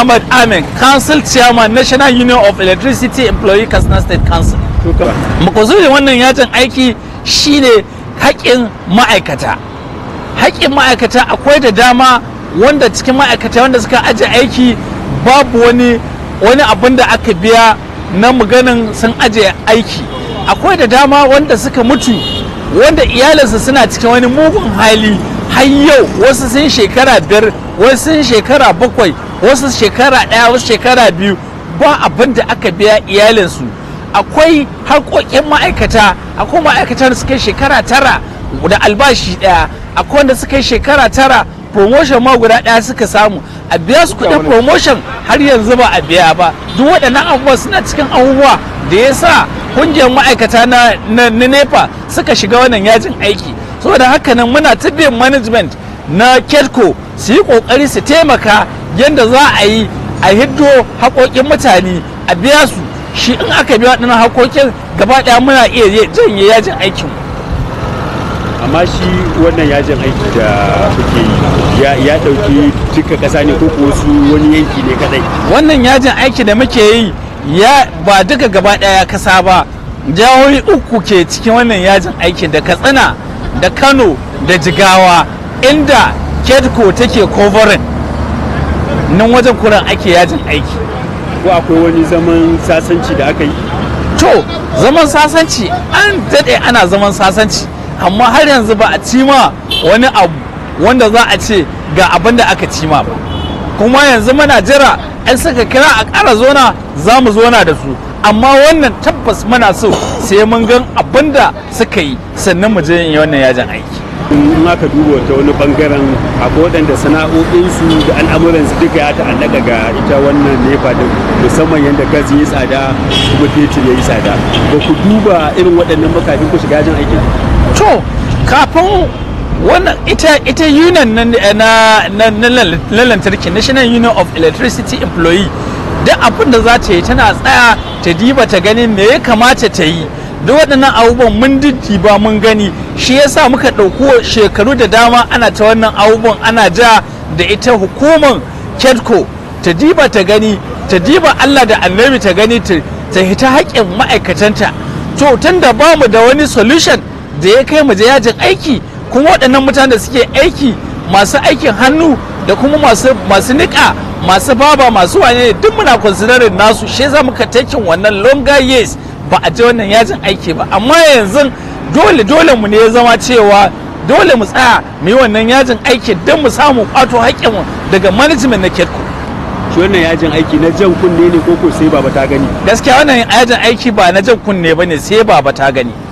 Ahmad Amin, Council Chairman, National Union of Electricity Employee Katsina State Council. wannan yajin aiki shine haƙƙin ma'aikata. Haƙƙin ma'aikata akwai da dama wanda cikin ma'aikata wanda suka aje aiki babu wani wani abin da aka biya na maganin sun aje aiki. Akwai da dama wanda suka mutu wanda iyalinsa suna cikin wani mugun hali har yau wasu sun shekara biyar wasu shekara bakwai wasu shekara ɗaya wasu shekara biyu ba abin da aka biya iyalinsu akwai harkokin ma'aikata akwai ma'aikata da suka shekara tara da albashi ɗaya akwai wanda suka shekara tara promotion ma guda ɗaya suka samu a biya su kuɗin promotion har yanzu ba a biya ba duk waɗannan abubuwa suna cikin abubuwa da ya sa kungiyar ma'aikata na nepa suka shiga wannan yajin aiki saboda haka nan muna ta management na kelko su yi kokari su taimaka yadda za a yi a hiddo haƙoƙin mutane a biya su shi in aka biya waɗannan haƙoƙin gaba ɗaya muna iya janye yajin aikin amma shi wannan yajin aiki da kuke yi ya ɗauki duka ƙasa ne ko wasu wani yanki ne kadai wannan yajin aiki da muke yi ya ba duka gaba ɗaya kasa ba jihohi uku ke cikin wannan yajin aiki da katsina da kano da jigawa inda kedko take covering nan wajen kuran ake yajin aiki ko akwai wani zaman sasanci da aka yi to zaman sasanci an daɗe ana zaman sasanci amma har yanzu ba a cima wani abu wanda za a ce ga abin da aka cima ba kuma yanzu muna jira an saka kira a ƙara zona za mu zona da su amma wannan tabbas muna so sai mun ga abin da suka yi sannan mu je yin wannan yajin aiki in aka duba ta wani bangaren akwai waɗanda sana'o'insu da al'amuransu duka ya ta'allaka ga ita wannan nefa da musamman yadda gas ya tsada kuma fetur ya yi tsada ba ku duba irin waɗannan makafin ku shiga jin aikin to kafin wannan ita ita union na na na lantarki national union of electricity employee duk abin da za ta yi tana tsaya ta diba ta ganin me ya kamata ta yi duk waɗannan abubuwan mun ba mun gani shi yasa muka ɗauko shekaru da dama ana ta wannan abubuwan ana ja da ita hukumar ketko ta diba ta gani ta diba allah da annabi ta gani ta hita haƙƙin ma'aikatanta to tun da ba mu da wani solution da ya kai mu yajin aiki kuma waɗannan mutane suke aiki masu aikin hannu da kuma masu niƙa masu baba masu wane duk muna considering nasu shi za muka takin wannan longer years ba a je wannan yajin aiki ba amma yanzu dole dole mu ne ya zama cewa dole mu tsaya mu yi wannan yajin aiki don mu samu kwato haƙƙinmu daga management na ketco shi wannan yajin aiki na jan kunne ne ko sai baba ta gani gaskiya wannan yajin aiki ba na jan kunne ba ne sai baba ta gani